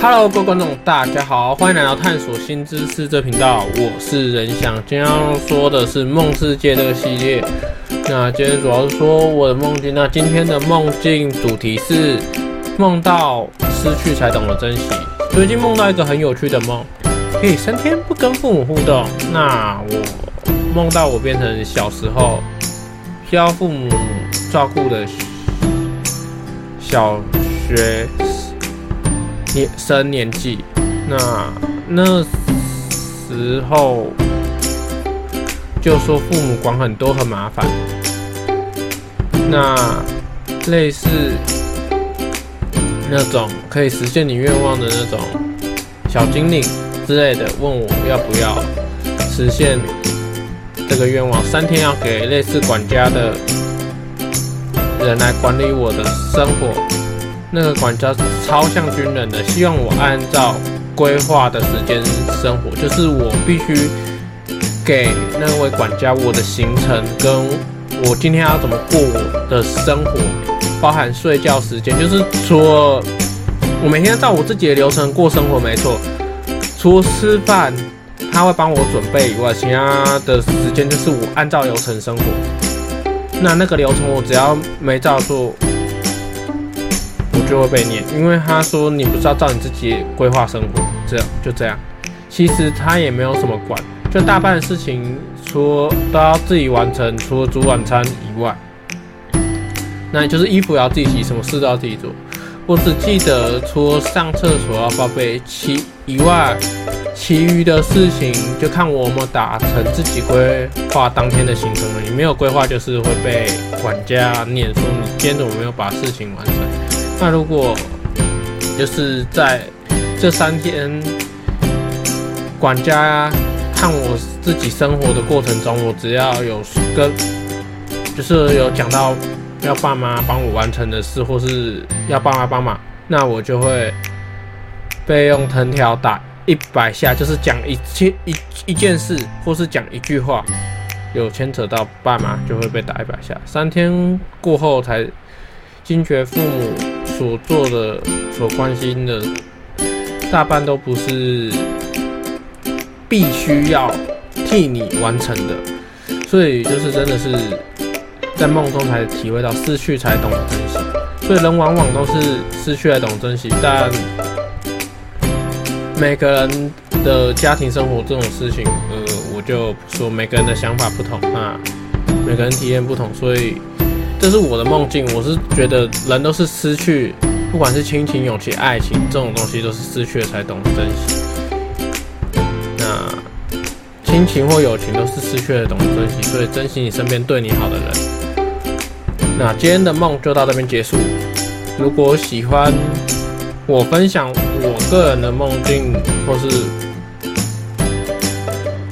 Hello，各位觀眾，大家好，歡迎來到探索新知識這頻道。我是仁翔，今天要說的是夢世界這個系列。那今天主要是說我的夢境啊。那今天的夢境主題是夢到失去才懂得珍惜。最近夢到一個很有趣的夢，可以三天不跟父母互動。那我夢到我變成小時候需要父母照顧的小學。年生年紀，那那時候就說父母管很多，很麻煩。那類似那種可以實現你願望的那種小精靈之類的，問我要不要實現這個願望？三天要給類似管家的人來管理我的生活。那個管家超像軍人的，希望我按照規劃的時間生活，就是我必須給那位管家我的行程，跟我今天要怎麼過我的生活，包含睡覺時間，就是除了我每天照我自己的流程過生活沒錯，除了吃飯他會幫我準備以外，其他的時間就是我按照流程生活。那那個流程我只要沒照做。就會被念，因為他說，你不知道照你自己規劃生活，這樣就這樣。其實他也沒有什麼管，就大半的事情說都要自己完成，除了煮晚餐以外，那就是衣服要自己洗，什麼事都要自己做。我只記得除了上廁所要報備其以外，其餘的事情就看我有沒有打成自己規劃當天的行程了。你沒有規劃就是會被管家念說，你今天都沒有把事情完成？那如果就是在這三天，管家看我自己生活的過程中，我只要有跟就是有講到要爸媽幫我完成的事，或是要爸媽幫忙，那我就會被用藤條打一百下。就是講一件一一件事，或是講一句話，有牽扯到爸媽，就會被打一百下。三天過後才驚覺父母，所做的、所關心的，大半都不是必須要替你完成的，所以就是真的是在夢中才體會到失去才懂得珍惜，所以人往往都是失去才懂珍惜，但每個人的家庭生活這種事情，呃，我就說每個人的想法不同啊，那每個人體驗不同，所以。這是我的夢境，我是覺得人都是失去，不管是親情、友情、愛情這種東西，都是失去了才懂得珍惜。那親情或友情都是失去了懂得珍惜，所以珍惜你身邊對你好的人。那今天的夢就到這邊結束。如果喜歡我分享我個人的夢境，或是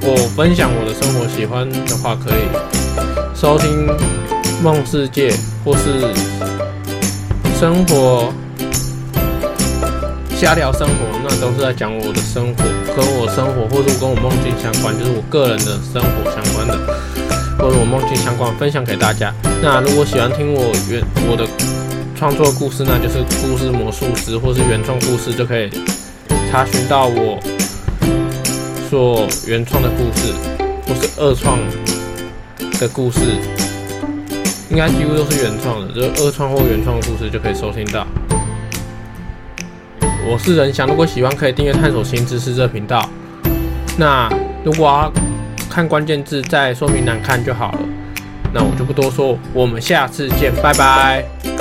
我分享我的生活，喜歡的話可以收聽。夢世界，或是生活、閒聊生活，那都是在講我的生活，和我生活，或是跟我夢境相關，就是我個人的生活相關的，或者我夢境相關，分享給大家。那如果喜歡聽我原我的創作的故事，那就是故事魔術師，或是原創故事，就可以查詢到我所原創的故事，或是二創的故事。應該幾乎都是原創的，就是二創或原創的故事就可以收聽到。我是仁翔，如果喜歡可以訂閱探索新知識這頻道。那如果要看關鍵字，在說明欄看就好了。那我就不多說，我們下次見，拜拜。